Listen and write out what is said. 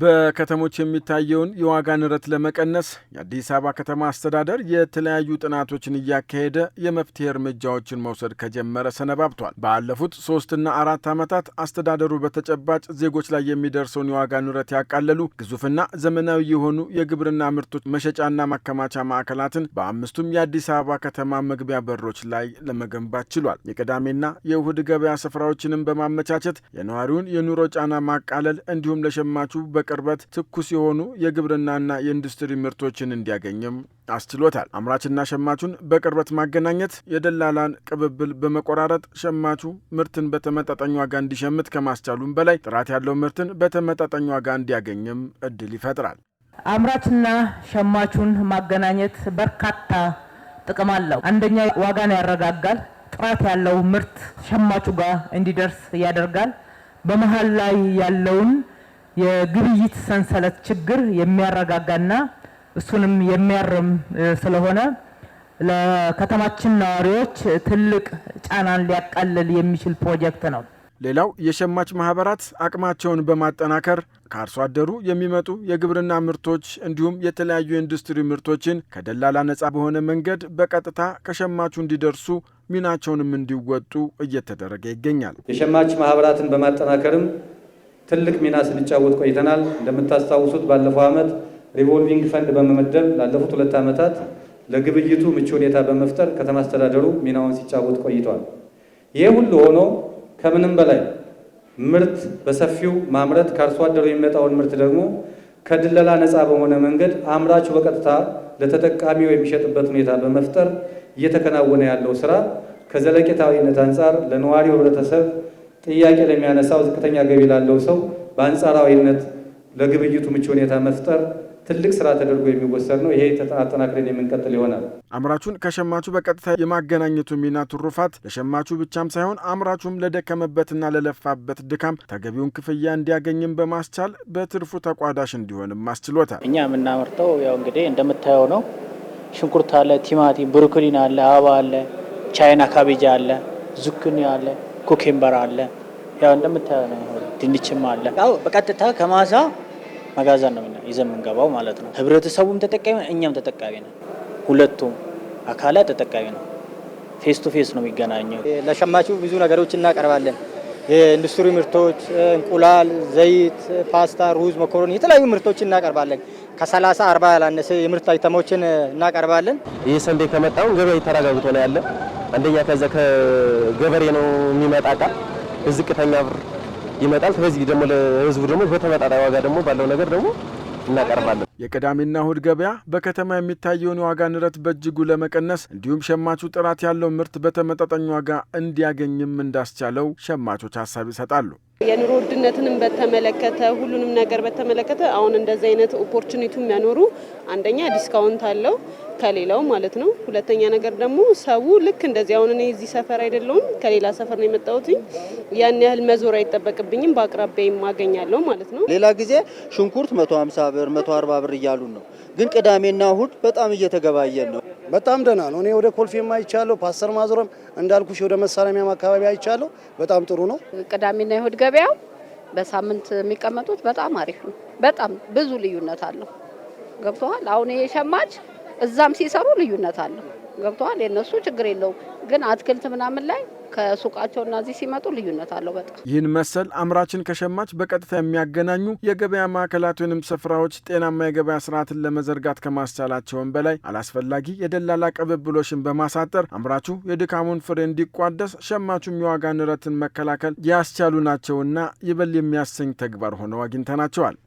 በከተሞች የሚታየውን የዋጋ ንረት ለመቀነስ የአዲስ አበባ ከተማ አስተዳደር የተለያዩ ጥናቶችን እያካሄደ የመፍትሄ እርምጃዎችን መውሰድ ከጀመረ ሰነባብቷል። ባለፉት ሶስትና አራት ዓመታት አስተዳደሩ በተጨባጭ ዜጎች ላይ የሚደርሰውን የዋጋ ንረት ያቃለሉ ግዙፍና ዘመናዊ የሆኑ የግብርና ምርቶች መሸጫና ማከማቻ ማዕከላትን በአምስቱም የአዲስ አበባ ከተማ መግቢያ በሮች ላይ ለመገንባት ችሏል። የቅዳሜና የእሁድ ገበያ ስፍራዎችንም በማመቻቸት የነዋሪውን የኑሮ ጫና ማቃለል እንዲሁም ለሸማቹ በቅርበት ትኩስ የሆኑ የግብርናና የኢንዱስትሪ ምርቶችን እንዲያገኝም አስችሎታል። አምራችና ሸማቹን በቅርበት ማገናኘት፣ የደላላን ቅብብል በመቆራረጥ ሸማቹ ምርትን በተመጣጣኝ ዋጋ እንዲሸምት ከማስቻሉም በላይ ጥራት ያለው ምርትን በተመጣጣኝ ዋጋ እንዲያገኝም እድል ይፈጥራል። አምራችና ሸማቹን ማገናኘት በርካታ ጥቅም አለው። አንደኛ ዋጋን ያረጋጋል። ጥራት ያለው ምርት ሸማቹ ጋር እንዲደርስ ያደርጋል። በመሀል ላይ ያለውን የግብይት ሰንሰለት ችግር የሚያረጋጋና እሱንም የሚያርም ስለሆነ ለከተማችን ነዋሪዎች ትልቅ ጫናን ሊያቃልል የሚችል ፕሮጀክት ነው። ሌላው የሸማች ማህበራት አቅማቸውን በማጠናከር ከአርሶ አደሩ የሚመጡ የግብርና ምርቶች እንዲሁም የተለያዩ የኢንዱስትሪ ምርቶችን ከደላላ ነጻ በሆነ መንገድ በቀጥታ ከሸማቹ እንዲደርሱ ሚናቸውንም እንዲወጡ እየተደረገ ይገኛል። የሸማች ማህበራትን በማጠናከርም ትልቅ ሚና ስንጫወት ቆይተናል። እንደምታስታውሱት ባለፈው ዓመት ሪቮልቪንግ ፈንድ በመመደብ ላለፉት ሁለት ዓመታት ለግብይቱ ምቹ ሁኔታ በመፍጠር ከተማ አስተዳደሩ ሚናውን ሲጫወት ቆይቷል። ይህ ሁሉ ሆኖ ከምንም በላይ ምርት በሰፊው ማምረት ከአርሶ አደሩ የሚመጣውን ምርት ደግሞ ከድለላ ነፃ በሆነ መንገድ አምራቹ በቀጥታ ለተጠቃሚው የሚሸጥበት ሁኔታ በመፍጠር እየተከናወነ ያለው ስራ ከዘለቄታዊነት አንጻር ለነዋሪው ህብረተሰብ ጥያቄ ለሚያነሳው ዝቅተኛ ገቢ ላለው ሰው በአንጻራዊነት ለግብይቱ ምቹ ሁኔታ መፍጠር ትልቅ ስራ ተደርጎ የሚወሰድ ነው። ይሄ አጠናክረን የምንቀጥል ይሆናል። አምራቹን ከሸማቹ በቀጥታ የማገናኘቱ ሚና ትሩፋት ለሸማቹ ብቻም ሳይሆን አምራቹም ለደከመበትና ለለፋበት ድካም ተገቢውን ክፍያ እንዲያገኝም በማስቻል በትርፉ ተቋዳሽ እንዲሆንም አስችሎታል። እኛ የምናመርተው ያው እንግዲህ እንደምታየው ነው። ሽንኩርት አለ፣ ቲማቲም፣ ብሩክሊን አለ፣ አበባ አለ፣ ቻይና ካቤጃ አለ፣ ዙኪኒ አለ ኩኬምበር አለ፣ ያው እንደምታየው ነው። ድንችም አለ። ያው በቀጥታ ከማሳ መጋዘን ነው ይዘን የምንገባው ማለት ነው። ህብረተሰቡም ተጠቃሚ ነው፣ እኛም ተጠቃሚ ነው። ሁለቱም አካላት ተጠቃሚ ነው። ፌስ ቱ ፌስ ነው የሚገናኘው። ለሸማቹ ብዙ ነገሮች እናቀርባለን። የኢንዱስትሪ ምርቶች፣ እንቁላል፣ ዘይት፣ ፓስታ፣ ሩዝ፣ መኮሮኒ የተለያዩ ምርቶች እናቀርባለን። ከሰላሳ አርባ ያላነሰ የምርት አይተሞችን እናቀርባለን። ይህ ሰንዴ ከመጣሁን ገበያ ተረጋግቶ ነው ያለ አንደኛ ከዛ ከገበሬ ነው የሚመጣ እቃ ዝቅተኛ ብር ይመጣል። ከዚህ ደግሞ ለህዝቡ ደግሞ በተመጣጣኝ ዋጋ ደግሞ ባለው ነገር ደግሞ እናቀርባለን። የቅዳሜና እሁድ ገበያ በከተማ የሚታየውን የዋጋ ንረት በእጅጉ ለመቀነስ እንዲሁም ሸማቹ ጥራት ያለው ምርት በተመጣጣኝ ዋጋ እንዲያገኝም እንዳስቻለው ሸማቾች ሀሳብ ይሰጣሉ። የኑሮ ውድነትንም በተመለከተ ሁሉንም ነገር በተመለከተ አሁን እንደዚህ አይነት ኦፖርቹኒቲ የሚያኖሩ አንደኛ ዲስካውንት አለው ከሌላው ማለት ነው። ሁለተኛ ነገር ደግሞ ሰው ልክ እንደዚህ አሁን እኔ እዚህ ሰፈር አይደለውም ከሌላ ሰፈር ነው የመጣሁትኝ ያን ያህል መዞር አይጠበቅብኝም፣ በአቅራቢያ የማገኛለው ማለት ነው። ሌላ ጊዜ ሽንኩርት 150 ብር 140 ብር እያሉን ነው። ግን ቅዳሜና እሁድ በጣም እየተገባየን ነው። በጣም ደህና ነው። እኔ ወደ ኮልፌም አይቻለሁ፣ ፓስተር ማዞረም እንዳልኩሽ ወደ መሳለሚያም አካባቢ አይቻለሁ። በጣም ጥሩ ነው። ቅዳሜና እሁድ ገበያው በሳምንት የሚቀመጡት በጣም አሪፍ ነው። በጣም ብዙ ልዩነት አለው። ገብተዋል። አሁን ይሄ ሸማች እዛም ሲሰሩ ልዩነት አለው። ገብተዋል። የነሱ ችግር የለውም፣ ግን አትክልት ምናምን ላይ ከሱቃቸው እና እዚህ ሲመጡ ልዩነት አለው በጣም። ይህን መሰል አምራችን ከሸማች በቀጥታ የሚያገናኙ የገበያ ማዕከላት ወይንም ስፍራዎች ጤናማ የገበያ ስርዓትን ለመዘርጋት ከማስቻላቸውን በላይ አላስፈላጊ የደላላ ቅብብሎሽን በማሳጠር አምራቹ የድካሙን ፍሬ እንዲቋደስ፣ ሸማቹም የዋጋ ንረትን መከላከል ያስቻሉ ናቸውና ይበል የሚያሰኝ ተግባር ሆነው አግኝተናቸዋል።